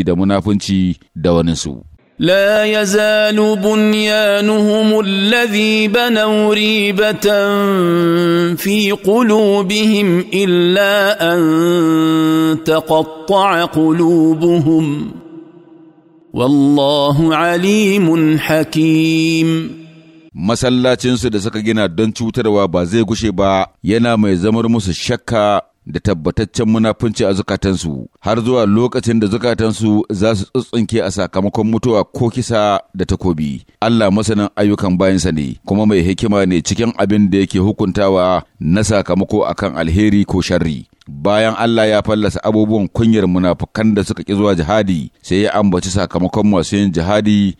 adalci da munafunci da wani su. La ya zanu bunyanuhumu ladhi bana wuri fi kulubihim illa an taƙwaƙwa kulubuhum, wallahu alimun hakim. Masallacinsu da suka gina don cutarwa ba zai gushe ba yana mai zamar musu shakka da tabbataccen munafunci a zukatansu har zuwa lokacin da zukatansu za su tsuntsunke a sakamakon mutuwa ko kisa da takobi. Allah masanin ayyukan bayansa ne kuma mai hikima ne cikin abin da yake hukuntawa na sakamako akan alheri ko sharri. Bayan Allah ya fallasa abubuwan kunyar munafukan da suka ƙi zuwa jihadi sai ya ambaci sakamakon masu yin jihadi